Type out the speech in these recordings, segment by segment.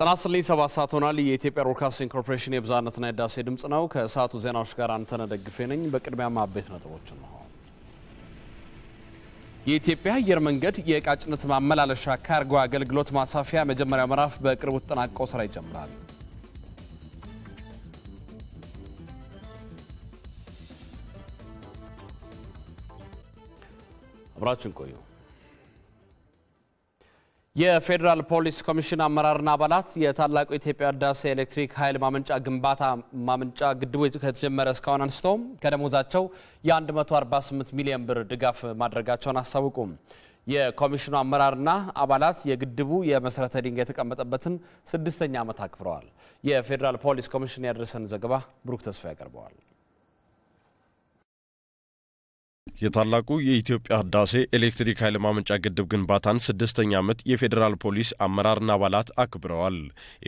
ጤና ይስጥልኝ። ሰባት ሰዓት ሆኗል። የኢትዮጵያ ብሮድካስቲንግ ኮርፖሬሽን የብዝሃነትና የዳሴ ድምፅ ነው። ከሰዓቱ ዜናዎች ጋር አንተ ደግፌ ነኝ። በቅድሚያ ማቤት ነጥቦች ነው። የኢትዮጵያ አየር መንገድ የቃጭነት ጭነት ማመላለሻ ካርጎ አገልግሎት ማሳፊያ መጀመሪያው ምዕራፍ በቅርቡ ተጠናቆ ስራ ይጀምራል። አብራችን ቆዩ። የፌዴራል ፖሊስ ኮሚሽን አመራርና አባላት የታላቁ የኢትዮጵያ ህዳሴ ኤሌክትሪክ ኃይል ማመንጫ ግንባታ ማመንጫ ግድቡ ከተጀመረ እስካሁን አንስቶ ከደሞዛቸው የ148 ሚሊዮን ብር ድጋፍ ማድረጋቸውን አሳውቁም። የኮሚሽኑ አመራርና አባላት የግድቡ የመሰረተ ድንጋይ የተቀመጠበትን ስድስተኛ ዓመት አክብረዋል። የፌዴራል ፖሊስ ኮሚሽን ያደረሰን ዘገባ ብሩክ ተስፋ ያቀርበዋል። የታላቁ የኢትዮጵያ ህዳሴ ኤሌክትሪክ ኃይል ማመንጫ ግድብ ግንባታን ስድስተኛ ዓመት የፌዴራል ፖሊስ አመራርና አባላት አክብረዋል።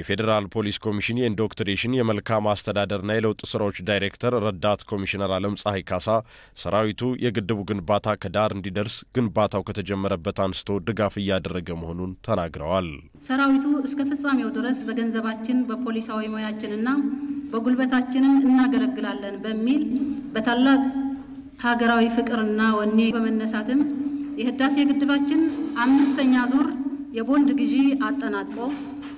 የፌዴራል ፖሊስ ኮሚሽን የኢንዶክትሬሽን የመልካም አስተዳደርና የለውጥ ስራዎች ዳይሬክተር ረዳት ኮሚሽነር አለም ፀሐይ ካሳ ሰራዊቱ የግድቡ ግንባታ ከዳር እንዲደርስ ግንባታው ከተጀመረበት አንስቶ ድጋፍ እያደረገ መሆኑን ተናግረዋል። ሰራዊቱ እስከ ፍጻሜው ድረስ በገንዘባችን በፖሊሳዊ ሙያችንና በጉልበታችንም እናገለግላለን በሚል በታላቅ ሀገራዊ ፍቅርና ወኔ በመነሳትም የህዳሴ ግድባችን አምስተኛ ዙር የቦንድ ግዢ አጠናቆ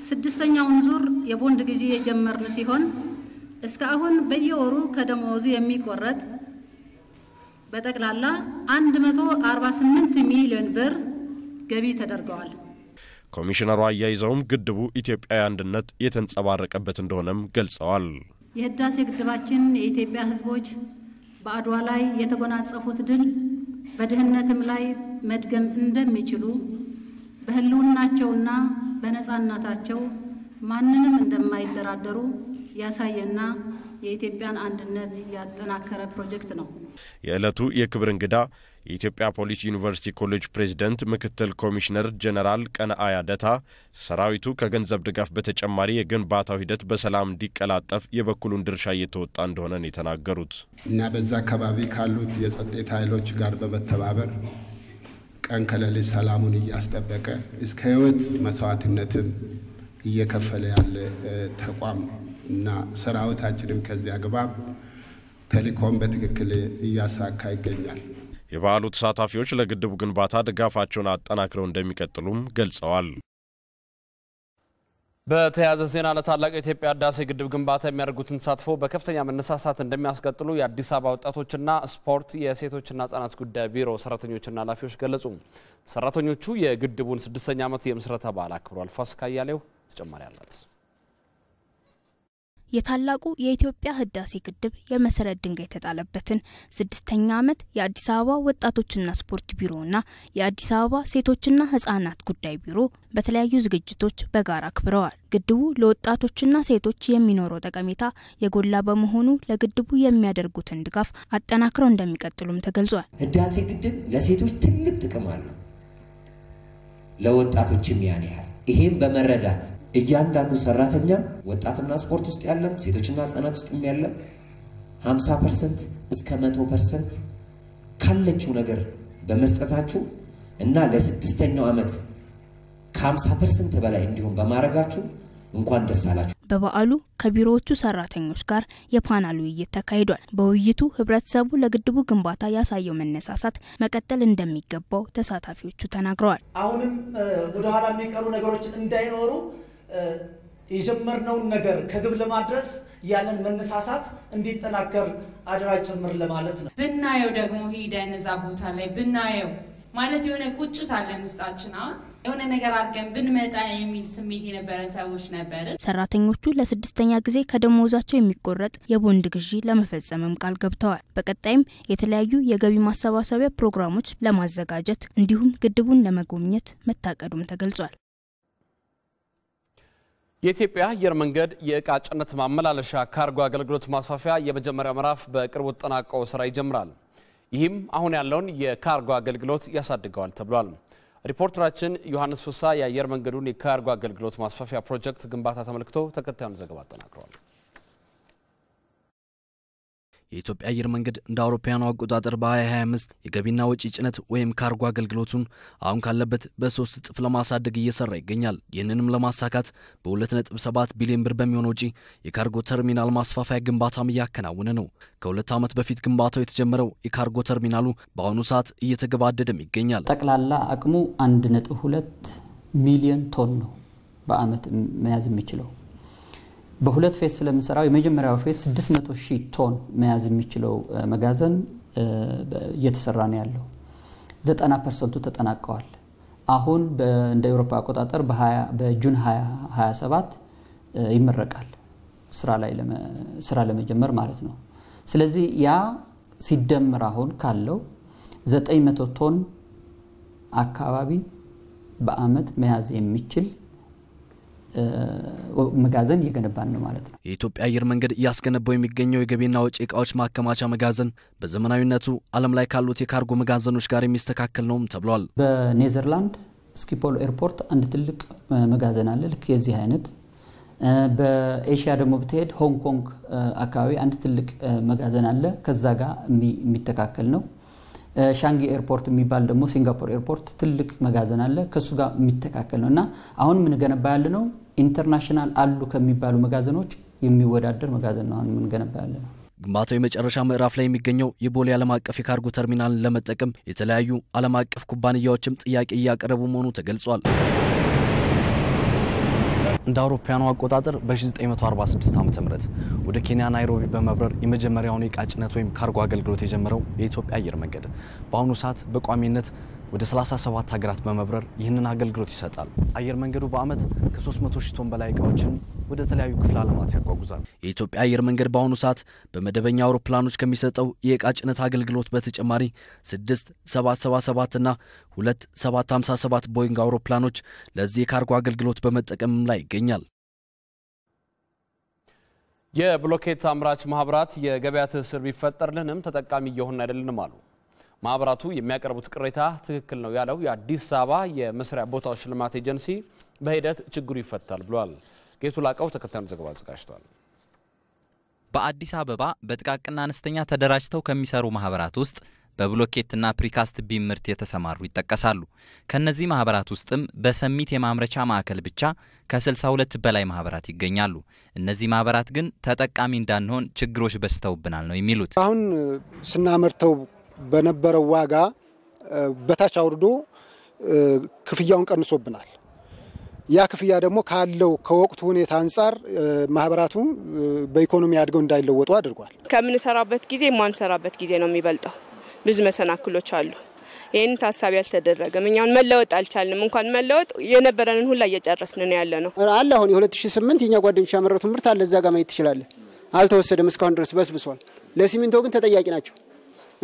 ስድስተኛውን ዙር የቦንድ ግዢ የጀመርን ሲሆን እስከ አሁን በየወሩ ከደመወዙ የሚቆረጥ በጠቅላላ 148 ሚሊዮን ብር ገቢ ተደርገዋል። ኮሚሽነሩ አያይዘውም ግድቡ ኢትዮጵያዊ አንድነት የተንጸባረቀበት እንደሆነም ገልጸዋል። የህዳሴ ግድባችን የኢትዮጵያ ህዝቦች በአድዋ ላይ የተጎናጸፉት ድል በድህነትም ላይ መድገም እንደሚችሉ በህልውናቸውና በነጻነታቸው ማንንም እንደማይደራደሩ ያሳየና የኢትዮጵያን አንድነት ያጠናከረ ፕሮጀክት ነው። የዕለቱ የክብር እንግዳ የኢትዮጵያ ፖሊስ ዩኒቨርሲቲ ኮሌጅ ፕሬዝደንት ምክትል ኮሚሽነር ጀነራል ቀነአያ ደታ ሰራዊቱ ከገንዘብ ድጋፍ በተጨማሪ የግንባታው ሂደት በሰላም እንዲቀላጠፍ የበኩሉን ድርሻ እየተወጣ እንደሆነ ነው የተናገሩት። እና በዛ አካባቢ ካሉት የጸጥታ ኃይሎች ጋር በመተባበር ቀን ከሌሊት ሰላሙን እያስጠበቀ እስከ ሕይወት መስዋዕትነትም እየከፈለ ያለ ተቋም እና ሰራዊታችንም ከዚያ አግባብ ተልዕኮውን በትክክል እያሳካ ይገኛል። የበዓሉ ተሳታፊዎች ለግድቡ ግንባታ ድጋፋቸውን አጠናክረው እንደሚቀጥሉም ገልጸዋል። በተያያዘ ዜና ለታላቁ የኢትዮጵያ ህዳሴ ግድብ ግንባታ የሚያደርጉትን ተሳትፎ በከፍተኛ መነሳሳት እንደሚያስቀጥሉ የአዲስ አበባ ወጣቶችና ስፖርት የሴቶችና ህጻናት ጉዳይ ቢሮ ሰራተኞችና ኃላፊዎች ገለጹ። ሰራተኞቹ የግድቡን ስድስተኛ ዓመት የምስረታ በዓል አክብሯል። ፋሲካ እያሌው ተጨማሪ አላት። የታላቁ የኢትዮጵያ ህዳሴ ግድብ የመሰረት ድንጋይ የተጣለበትን ስድስተኛ ዓመት የአዲስ አበባ ወጣቶችና ስፖርት ቢሮና የአዲስ አበባ ሴቶችና ህጻናት ጉዳይ ቢሮ በተለያዩ ዝግጅቶች በጋራ አክብረዋል። ግድቡ ለወጣቶችና ሴቶች የሚኖረው ጠቀሜታ የጎላ በመሆኑ ለግድቡ የሚያደርጉትን ድጋፍ አጠናክረው እንደሚቀጥሉም ተገልጿል። ህዳሴ ግድብ ለሴቶች ትልቅ ጥቅም አለው፣ ለወጣቶችም ያን ያህል ይሄም በመረዳት እያንዳንዱ ሰራተኛ ወጣትና ስፖርት ውስጥ ያለም ሴቶችና ህጻናት ውስጥ ያለም ሀምሳ ፐርሰንት እስከ መቶ ፐርሰንት ካለችው ነገር በመስጠታችሁ እና ለስድስተኛው ዓመት ከሀምሳ ፐርሰንት በላይ እንዲሁም በማድረጋችሁ እንኳን ደስ አላችሁ። በበዓሉ ከቢሮዎቹ ሰራተኞች ጋር የፓናል ውይይት ተካሂዷል። በውይይቱ ህብረተሰቡ ለግድቡ ግንባታ ያሳየው መነሳሳት መቀጠል እንደሚገባው ተሳታፊዎቹ ተናግረዋል። አሁንም ወደኋላ የሚቀሩ ነገሮች እንዳይኖሩ የጀመርነውን ነገር ከግብ ለማድረስ ያለን መነሳሳት እንዲጠናከር አደራ ጭምር ለማለት ነው። ብናየው ደግሞ ሄደን እዛ ቦታ ላይ ብናየው ማለት የሆነ ቁጭት አለን ውስጣችን አሁን የሆነ ነገር አድርገን ብንመጣ የሚል ስሜት የነበረ ሰዎች ነበርን። ሰራተኞቹ ለስድስተኛ ጊዜ ከደሞዛቸው የሚቆረጥ የቦንድ ግዢ ለመፈጸምም ቃል ገብተዋል። በቀጣይም የተለያዩ የገቢ ማሰባሰቢያ ፕሮግራሞች ለማዘጋጀት እንዲሁም ግድቡን ለመጎብኘት መታቀዱም ተገልጿል። የኢትዮጵያ አየር መንገድ የእቃ ጭነት ማመላለሻ ካርጎ አገልግሎት ማስፋፊያ የመጀመሪያው ምዕራፍ በቅርቡ ተጠናቆ ስራ ይጀምራል። ይህም አሁን ያለውን የካርጎ አገልግሎት ያሳድገዋል ተብሏል። ሪፖርተራችን ዮሐንስ ፍሳ የአየር መንገዱን የካርጎ አገልግሎት ማስፋፊያ ፕሮጀክት ግንባታ ተመልክቶ ተከታዩን ዘገባ አጠናቅረዋል። የኢትዮጵያ አየር መንገድ እንደ አውሮፓውያኑ አቆጣጠር በ2025 የገቢና ወጪ ጭነት ወይም ካርጎ አገልግሎቱን አሁን ካለበት በሶስት እጥፍ ለማሳደግ እየሰራ ይገኛል። ይህንንም ለማሳካት በ2.7 ቢሊዮን ብር በሚሆን ወጪ የካርጎ ተርሚናል ማስፋፋያ ግንባታም እያከናወነ ነው። ከሁለት ዓመት በፊት ግንባታው የተጀመረው የካርጎ ተርሚናሉ በአሁኑ ሰዓት እየተገባደደም ይገኛል። ጠቅላላ አቅሙ 1.2 ሚሊዮን ቶን ነው በአመት መያዝ የሚችለው በሁለት ፌስ ስለምንሰራው የመጀመሪያው ፌስ 600 ሺህ ቶን መያዝ የሚችለው መጋዘን እየተሰራ ነው ያለው። 90 ፐርሰንቱ ተጠናቀዋል። አሁን እንደ ኤውሮፓ አቆጣጠር በጁን 27 ይመረቃል፣ ስራ ለመጀመር ማለት ነው። ስለዚህ ያ ሲደምር አሁን ካለው 900 ቶን አካባቢ በአመት መያዝ የሚችል መጋዘን እየገነባን ነው ማለት ነው። የኢትዮጵያ አየር መንገድ እያስገነባው የሚገኘው የገቢና ወጪ እቃዎች ማከማቻ መጋዘን በዘመናዊነቱ ዓለም ላይ ካሉት የካርጎ መጋዘኖች ጋር የሚስተካከል ነውም ተብሏል። በኔዘርላንድ ስኪፖል ኤርፖርት አንድ ትልቅ መጋዘን አለ ልክ የዚህ አይነት በኤሽያ ደግሞ ብትሄድ ሆንግ ኮንግ አካባቢ አንድ ትልቅ መጋዘን አለ። ከዛ ጋር የሚተካከል ነው። ሻንጊ ኤርፖርት የሚባል ደግሞ ሲንጋፖር ኤርፖርት ትልቅ መጋዘን አለ። ከሱ ጋር የሚተካከል ነው እና አሁን የምንገነባ ያለ ነው ኢንተርናሽናል አሉ ከሚባሉ መጋዘኖች የሚወዳደር መጋዘን ነው አሁን የምንገነባ ያለ ነው። ግንባታው የመጨረሻ ምዕራፍ ላይ የሚገኘው የቦሌ ዓለም አቀፍ የካርጎ ተርሚናልን ለመጠቀም የተለያዩ ዓለም አቀፍ ኩባንያዎችም ጥያቄ እያቀረቡ መሆኑ ተገልጿል። እንደ አውሮፓያኑ አቆጣጠር በ1946 ዓ ም ወደ ኬንያ ናይሮቢ በመብረር የመጀመሪያውን የእቃ ጭነት ወይም ካርጎ አገልግሎት የጀመረው የኢትዮጵያ አየር መንገድ በአሁኑ ሰዓት በቋሚነት ወደ 37 ሀገራት በመብረር ይህንን አገልግሎት ይሰጣል። አየር መንገዱ በአመት ከ300 ሺህ ቶን በላይ እቃዎችን ወደ ተለያዩ ክፍለ ዓለማት ያጓጉዛል። የኢትዮጵያ አየር መንገድ በአሁኑ ሰዓት በመደበኛ አውሮፕላኖች ከሚሰጠው የእቃ ጭነት አገልግሎት በተጨማሪ ስድስት ሰባት ሰባ ሰባት ና ሁለት ሰባት ሃምሳ ሰባት ቦይንግ አውሮፕላኖች ለዚህ የካርጎ አገልግሎት በመጠቀም ላይ ይገኛል። የብሎኬት አምራች ማህበራት የገበያ ትስስር ቢፈጠርልንም ተጠቃሚ እየሆን አይደለንም አሉ። ማህበራቱ የሚያቀርቡት ቅሬታ ትክክል ነው ያለው የአዲስ አበባ የመስሪያ ቦታዎች ልማት ኤጀንሲ በሂደት ችግሩ ይፈታል ብሏል። ጌቱ ላቀው ተከታዩን ዘገባ አዘጋጅቷል። በአዲስ አበባ በጥቃቅና አነስተኛ ተደራጅተው ከሚሰሩ ማህበራት ውስጥ በብሎኬትና ፕሪካስት ቢም ምርት የተሰማሩ ይጠቀሳሉ። ከእነዚህ ማህበራት ውስጥም በሰሚት የማምረቻ ማዕከል ብቻ ከ62 በላይ ማህበራት ይገኛሉ። እነዚህ ማህበራት ግን ተጠቃሚ እንዳንሆን ችግሮች በስተውብናል ነው የሚሉት። አሁን ስናመርተው በነበረው ዋጋ በታች አውርዶ ክፍያውን ቀንሶብናል። ያ ክፍያ ደግሞ ካለው ከወቅቱ ሁኔታ አንጻር ማህበራቱ በኢኮኖሚ አድገው እንዳይለወጡ አድርጓል። ከምንሰራበት ጊዜ ማንሰራበት ጊዜ ነው የሚበልጠው። ብዙ መሰናክሎች አሉ። ይህን ታሳቢ አልተደረገም። እኛሁን መለወጥ አልቻልንም። እንኳን መለወጥ የነበረንን ሁላ እየጨረስን ነው ያለ ነው አለ። አሁን የ2008 የኛ ጓደኞች ያመረቱ ምርት አለ እዛ ጋር ማየት ትችላለን። አልተወሰደም እስካሁን ድረስ በስብሷል። ለሲሚንቶ ግን ተጠያቂ ናቸው።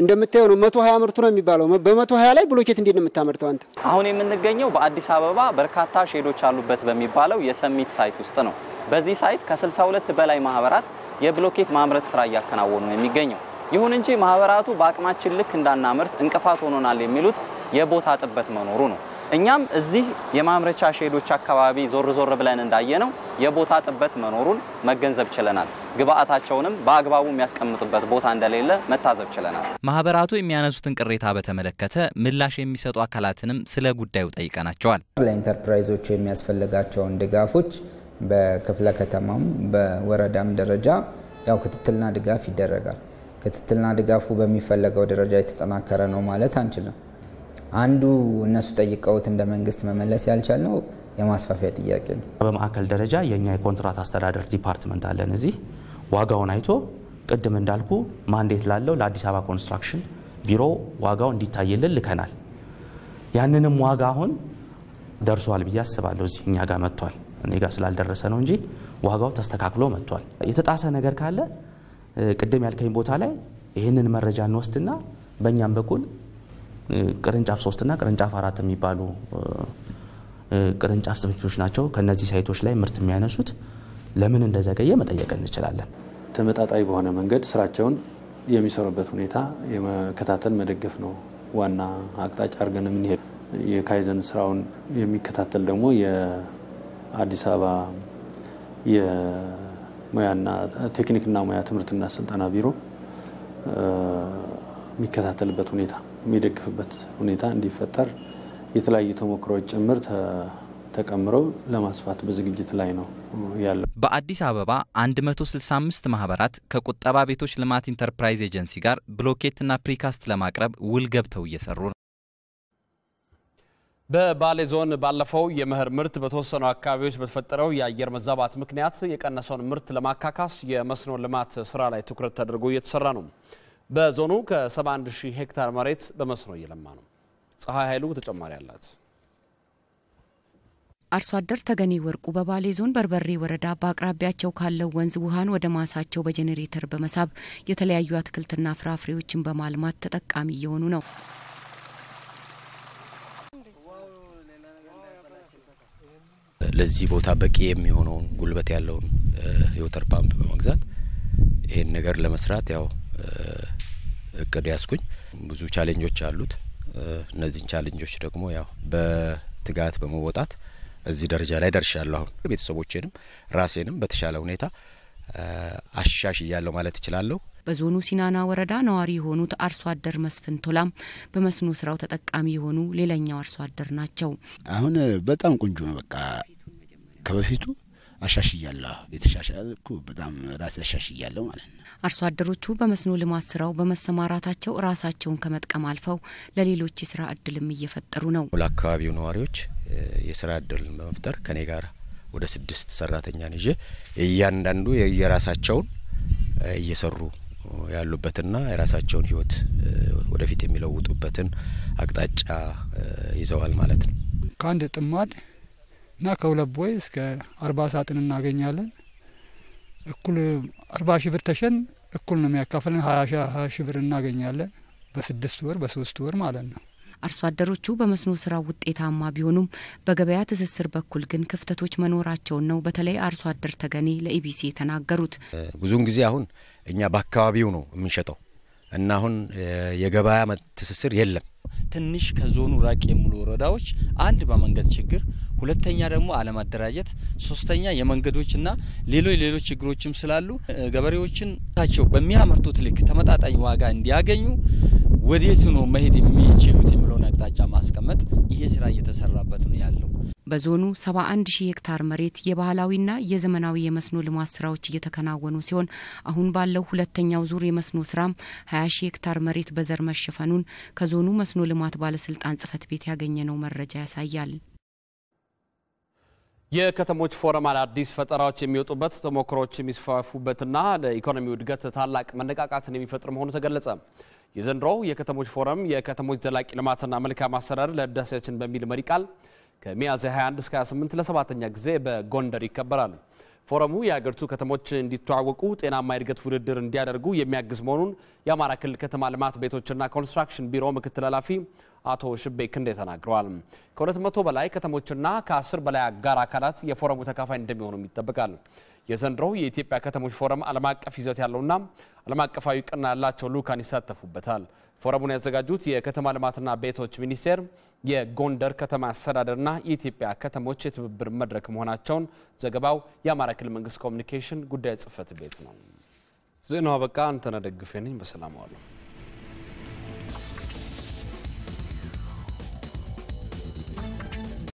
እንደምታየው ነው። መቶ ሀያ ምርቱ ነው የሚባለው። በመቶ ሀያ ላይ ብሎኬት እንዴት ነው የምታመርተው አንተ? አሁን የምንገኘው በአዲስ አበባ በርካታ ሼዶች አሉበት በሚባለው የሰሚት ሳይት ውስጥ ነው። በዚህ ሳይት ከ62 በላይ ማህበራት የብሎኬት ማምረት ስራ እያከናወኑ ነው የሚገኘው። ይሁን እንጂ ማህበራቱ በአቅማችን ልክ እንዳናምርት እንቅፋት ሆኖናል የሚሉት የቦታ ጥበት መኖሩ ነው። እኛም እዚህ የማምረቻ ሼዶች አካባቢ ዞር ዞር ብለን እንዳየነው የቦታ ጥበት መኖሩን መገንዘብ ችለናል። ግብአታቸውንም በአግባቡ የሚያስቀምጡበት ቦታ እንደሌለ መታዘብ ችለናል። ማህበራቱ የሚያነሱትን ቅሬታ በተመለከተ ምላሽ የሚሰጡ አካላትንም ስለ ጉዳዩ ጠይቀናቸዋል። ለኢንተርፕራይዞቹ የሚያስፈልጋቸውን ድጋፎች በክፍለ ከተማም በወረዳም ደረጃ ያው ክትትልና ድጋፍ ይደረጋል። ክትትልና ድጋፉ በሚፈለገው ደረጃ የተጠናከረ ነው ማለት አንችልም። አንዱ እነሱ ጠይቀውት እንደ መንግስት መመለስ ነው የማስፋፊያ ጥያቄ ነው። በማዕከል ደረጃ የእኛ የኮንትራት አስተዳደር ዲፓርትመንት አለን። እዚህ ዋጋውን አይቶ ቅድም እንዳልኩ ማንዴት ላለው ለአዲስ አበባ ኮንስትራክሽን ቢሮ ዋጋው እንዲታይልን ልከናል። ያንንም ዋጋ አሁን ደርሷል ብዬ አስባለሁ። እዚህ እኛ ጋር መጥቷል። እኔ ጋር ስላልደረሰ ነው እንጂ ዋጋው ተስተካክሎ መጥቷል። የተጣሰ ነገር ካለ ቅድም ያልከኝ ቦታ ላይ ይህንን መረጃ እንወስድና በእኛም በኩል ቅርንጫፍ ሶስት እና ቅርንጫፍ አራት የሚባሉ ቅርንጫፍ ጽሕፈቶች ናቸው። ከነዚህ ሳይቶች ላይ ምርት የሚያነሱት ለምን እንደዘገየ መጠየቅ እንችላለን። ተመጣጣኝ በሆነ መንገድ ስራቸውን የሚሰሩበት ሁኔታ የመከታተል መደገፍ ነው ዋና አቅጣጫ አድርገን የምንሄድ። የካይዘን ስራውን የሚከታተል ደግሞ የአዲስ አበባ የሙያና ቴክኒክና ሙያ ትምህርትና ስልጠና ቢሮ የሚከታተልበት ሁኔታ የሚደግፍበት ሁኔታ እንዲፈጠር የተለያዩ ተሞክሮዎች ጭምር ተቀምረው ለማስፋት በዝግጅት ላይ ነው ያለው። በአዲስ አበባ 165 ማህበራት ከቁጠባ ቤቶች ልማት ኢንተርፕራይዝ ኤጀንሲ ጋር ብሎኬትና ፕሪካስት ለማቅረብ ውል ገብተው እየሰሩ ነው። በባሌ ዞን ባለፈው የመኸር ምርት በተወሰኑ አካባቢዎች በተፈጠረው የአየር መዛባት ምክንያት የቀነሰውን ምርት ለማካካስ የመስኖ ልማት ስራ ላይ ትኩረት ተደርጎ እየተሰራ ነው። በዞኑ ከ71 ሺህ ሄክታር መሬት በመስኖ እየለማ ነው። ፀሐይ ኃይሉ ተጨማሪ አላት። አርሶ አደር ተገኔ ወርቁ በባሌ ዞን በርበሬ ወረዳ በአቅራቢያቸው ካለው ወንዝ ውሃን ወደ ማሳቸው በጄኔሬተር በመሳብ የተለያዩ አትክልትና ፍራፍሬዎችን በማልማት ተጠቃሚ እየሆኑ ነው። ለዚህ ቦታ በቂ የሚሆነውን ጉልበት ያለውን የወተር ፓምፕ በመግዛት ይህን ነገር ለመስራት ያው እቅድ ያስኩኝ። ብዙ ቻሌንጆች አሉት። እነዚህን ቻሌንጆች ደግሞ ያው በትጋት በመወጣት እዚህ ደረጃ ላይ ደርሻለሁ። አሁን ቤተሰቦቼንም ራሴንም በተሻለ ሁኔታ አሻሽ እያለው ማለት እችላለሁ። በዞኑ ሲናና ወረዳ ነዋሪ የሆኑት አርሶ አደር መስፍን ቶላም በመስኖ ስራው ተጠቃሚ የሆኑ ሌላኛው አርሶ አደር ናቸው። አሁን በጣም ቆንጆ ነው። በቃ ከበፊቱ አሻሽያለሁ። የተሻሻለ በጣም ራሴ አሻሽያለሁ ማለት ነው። አርሶ አደሮቹ በመስኖ ልማት ስራው በመሰማራታቸው ራሳቸውን ከመጥቀም አልፈው ለሌሎች የስራ እድልም እየፈጠሩ ነው። ለአካባቢው ነዋሪዎች የስራ እድል በመፍጠር ከኔ ጋር ወደ ስድስት ሰራተኛን ይዤ እያንዳንዱ የራሳቸውን እየሰሩ ያሉበትና የራሳቸውን ህይወት ወደፊት የሚለውጡበትን አቅጣጫ ይዘዋል ማለት ነው። ከአንድ ጥማት እና ከሁለት ቦይ እስከ አርባ ሳጥን እናገኛለን። እኩል አርባ ሺ ብር ተሸን እኩል ነው የሚያካፈለን። ሀያ ሺ ብር እናገኛለን በስድስት ወር በሶስት ወር ማለት ነው። አርሶ አደሮቹ በመስኖ ስራ ውጤታማ ቢሆኑም በገበያ ትስስር በኩል ግን ክፍተቶች መኖራቸውን ነው በተለይ አርሶ አደር ተገኔ ለኢቢሲ የተናገሩት። ብዙውን ጊዜ አሁን እኛ በአካባቢው ነው የምንሸጠው እና አሁን የገበያ ትስስር የለም። ትንሽ ከዞኑ ራቅ የሚሉ ወረዳዎች አንድ በመንገድ ችግር ሁለተኛ ደግሞ አለማደራጀት፣ ሶስተኛ የመንገዶችና ሌሎች ሌሎች ችግሮችም ስላሉ ገበሬዎችን ታቸው በሚያመርቱት ልክ ተመጣጣኝ ዋጋ እንዲያገኙ ወዴት ነው መሄድ የሚችሉት የሚለውን አቅጣጫ ማስቀመጥ ይሄ ስራ እየተሰራበት ነው ያለው። በዞኑ 71 ሺህ ሄክታር መሬት የባህላዊና የዘመናዊ የመስኖ ልማት ስራዎች እየተከናወኑ ሲሆን አሁን ባለው ሁለተኛው ዙር የመስኖ ስራም 20 ሺህ ሄክታር መሬት በዘር መሸፈኑን ከዞኑ መስኖ ልማት ባለስልጣን ጽህፈት ቤት ያገኘነው መረጃ ያሳያል። የከተሞች ፎረም አዳዲስ ፈጠራዎች የሚወጡበት ተሞክሮዎች የሚስፋፉበትና ለኢኮኖሚው እድገት ታላቅ መነቃቃትን የሚፈጥር መሆኑ ተገለጸ። የዘንድሮው የከተሞች ፎረም የከተሞች ዘላቂ ልማትና መልካም አስተዳደር ለህዳሴያችን በሚል መሪ ቃል ከሚያዝያ 21 እስከ 28 ለሰባተኛ ጊዜ በጎንደር ይከበራል። ፎረሙ የሀገሪቱ ከተሞች እንዲተዋወቁ ጤናማ የእድገት ውድድር እንዲያደርጉ የሚያግዝ መሆኑን የአማራ ክልል ከተማ ልማት ቤቶችና ኮንስትራክሽን ቢሮ ምክትል ኃላፊ አቶ ሽቤ ክንዴ ተናግረዋል። ከ መቶ በላይ ከተሞችና ከአስር በላይ አጋር አካላት የፎረሙ ተካፋይ እንደሚሆኑም ይጠበቃል። የዘንድሮው የኢትዮጵያ ከተሞች ፎረም ዓለም አቀፍ ይዘት ያለውና ዓለም አቀፋዊ እውቅና ያላቸው ልዑካን ይሳተፉበታል። ፎረሙን ያዘጋጁት የከተማ ልማትና ቤቶች ሚኒስቴር፣ የጎንደር ከተማ አስተዳደርና የኢትዮጵያ ከተሞች የትብብር መድረክ መሆናቸውን ዘገባው የአማራ ክልል መንግስት ኮሚኒኬሽን ጉዳይ ጽህፈት ቤት ነው። ዜናው አበቃ። አንተነህ ደግፌ ነኝ። በሰላም ዋሉ።